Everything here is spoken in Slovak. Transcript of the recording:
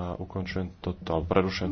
a ukončujem toto, prerušujem